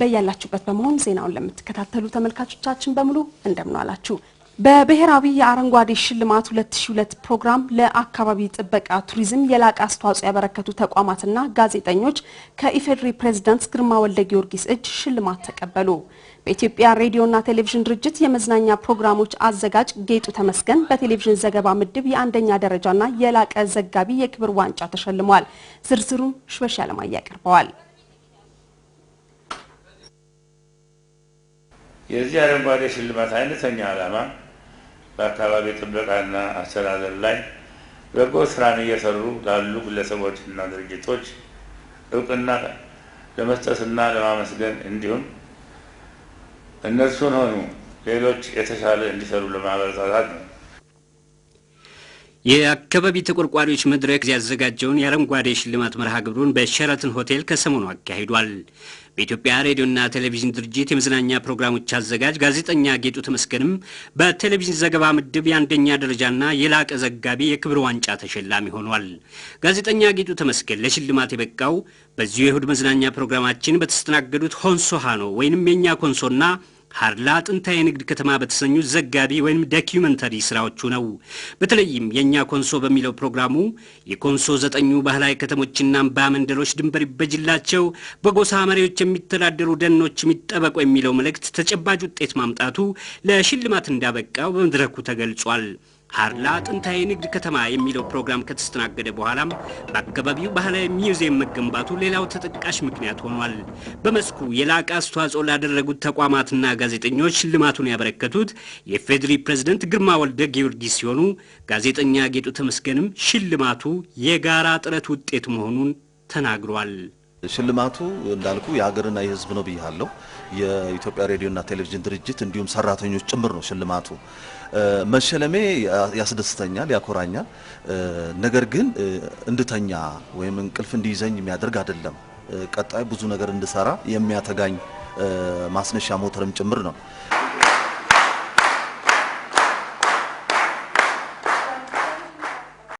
በያላችሁበት በመሆን ዜናውን ለምትከታተሉ ተመልካቾቻችን በሙሉ እንደምን አላችሁ። በብሔራዊ የአረንጓዴ ሽልማት 2002 ፕሮግራም ለአካባቢ ጥበቃ ቱሪዝም የላቀ አስተዋጽኦ ያበረከቱ ተቋማትና ጋዜጠኞች ከኢፌዴሪ ፕሬዝዳንት ግርማ ወልደ ጊዮርጊስ እጅ ሽልማት ተቀበሉ። በኢትዮጵያ ሬዲዮና ቴሌቪዥን ድርጅት የመዝናኛ ፕሮግራሞች አዘጋጅ ጌጡ ተመስገን በቴሌቪዥን ዘገባ ምድብ የአንደኛ ደረጃና የላቀ ዘጋቢ የክብር ዋንጫ ተሸልሟል። ዝርዝሩም ሽበሽ ያለማያ ያቀርበዋል። የዚህ አረንጓዴ ሽልማት አይነተኛ ዓላማ በአካባቢ ጥበቃና አስተዳደር ላይ በጎ ስራን እየሰሩ ላሉ ግለሰቦችና ድርጅቶች እውቅና ለመስጠትና ለማመስገን እንዲሁም እነሱን ሆኑ ሌሎች የተሻለ እንዲሰሩ ለማበረታታት ነው። የአካባቢ ተቆርቋሪዎች መድረክ ያዘጋጀውን የአረንጓዴ ሽልማት መርሃ ግብሩን በሸረትን ሆቴል ከሰሞኑ አካሂዷል። በኢትዮጵያ ሬዲዮና ቴሌቪዥን ድርጅት የመዝናኛ ፕሮግራሞች አዘጋጅ ጋዜጠኛ ጌጡ ተመስገንም በቴሌቪዥን ዘገባ ምድብ የአንደኛ ደረጃና የላቀ ዘጋቢ የክብር ዋንጫ ተሸላሚ ሆኗል። ጋዜጠኛ ጌጡ ተመስገን ለሽልማት የበቃው በዚሁ የእሁድ መዝናኛ ፕሮግራማችን በተስተናገዱት ሆንሶ ሃኖ ወይንም የእኛ ኮንሶና ሀርላ ጥንታዊ የንግድ ከተማ በተሰኙ ዘጋቢ ወይም ዶኪመንተሪ ስራዎቹ ነው። በተለይም የእኛ ኮንሶ በሚለው ፕሮግራሙ የኮንሶ ዘጠኙ ባህላዊ ከተሞችና አምባ መንደሮች ድንበር ይበጅላቸው፣ በጎሳ መሪዎች የሚተዳደሩ ደኖች የሚጠበቁ የሚለው መልእክት ተጨባጭ ውጤት ማምጣቱ ለሽልማት እንዳበቃው በመድረኩ ተገልጿል። ሀርላ ጥንታዊ ንግድ ከተማ የሚለው ፕሮግራም ከተስተናገደ በኋላም በአካባቢው ባህላዊ ሚውዚየም መገንባቱ ሌላው ተጠቃሽ ምክንያት ሆኗል። በመስኩ የላቀ አስተዋጽኦ ላደረጉት ተቋማትና ጋዜጠኞች ሽልማቱን ያበረከቱት የፌዴሪ ፕሬዝደንት ግርማ ወልደ ጊዮርጊስ ሲሆኑ ጋዜጠኛ ጌጡ ተመስገንም ሽልማቱ የጋራ ጥረት ውጤት መሆኑን ተናግሯል። ሽልማቱ እንዳልኩ የሀገርና የሕዝብ ነው ብያለሁ። የኢትዮጵያ ሬዲዮና ቴሌቪዥን ድርጅት እንዲሁም ሰራተኞች ጭምር ነው ሽልማቱ። መሸለሜ ያስደስተኛል፣ ያኮራኛል። ነገር ግን እንድተኛ ወይም እንቅልፍ እንዲይዘኝ የሚያደርግ አይደለም። ቀጣይ ብዙ ነገር እንድሰራ የሚያተጋኝ ማስነሻ ሞተርም ጭምር ነው።